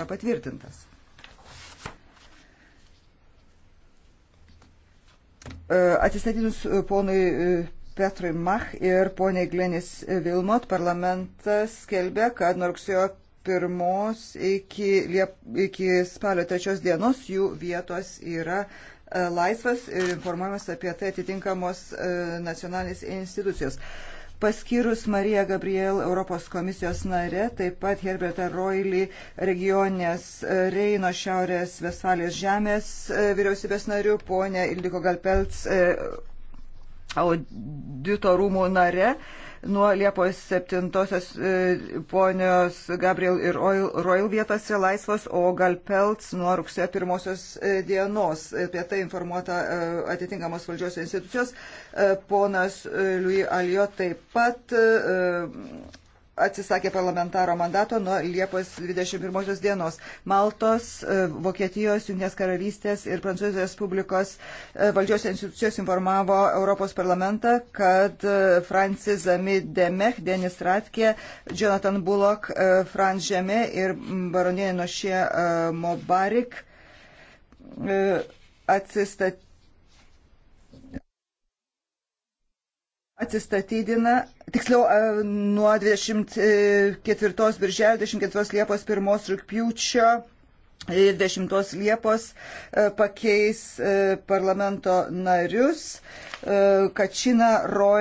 Yra patvirtintas. E, Atsistatydus e, ponui e, Petrui Mach ir poniai Glenis Vilmot, parlamentas skelbė, kad nuo rugsėjo pirmos iki, liep, iki spalio trečios dienos jų vietos yra laisvas ir informuojamas apie tai atitinkamos nacionalinės institucijos paskyrus Mariją Gabriel Europos komisijos nare, taip pat Herbertą Roilį regionės e, Reino šiaurės Vesvalijos žemės e, vyriausybės narių, ponę Ildiko Galpelts e, audito rūmų nare. Nuo Liepos 7-osios e, ponios Gabriel ir Royal vietos yra laisvos, o Galpelts nuo rugsėjo 1-osios e, dienos. Apie tai informuota e, atitinkamos valdžios institucijos. Ponas Louis Alio taip pat atsisakė parlamentaro mandato nuo Liepos 21 dienos. Maltos, e, Vokietijos, Junės karalystės ir Prancūzijos Respublikos e, valdžios institucijos informavo Europos parlamentą, kad e, Francis Zami Demech, Denis Ratkė, Jonathan Bullock, Franz Žemė ir baronienė Nošė Mobarik atsistatė atsistatydina, tiksliau e, nuo 24 birželio, 24 liepos, 1 rūpjūčio ir 10 Liepos e, pakeis e, parlamento narius Kačina Roy.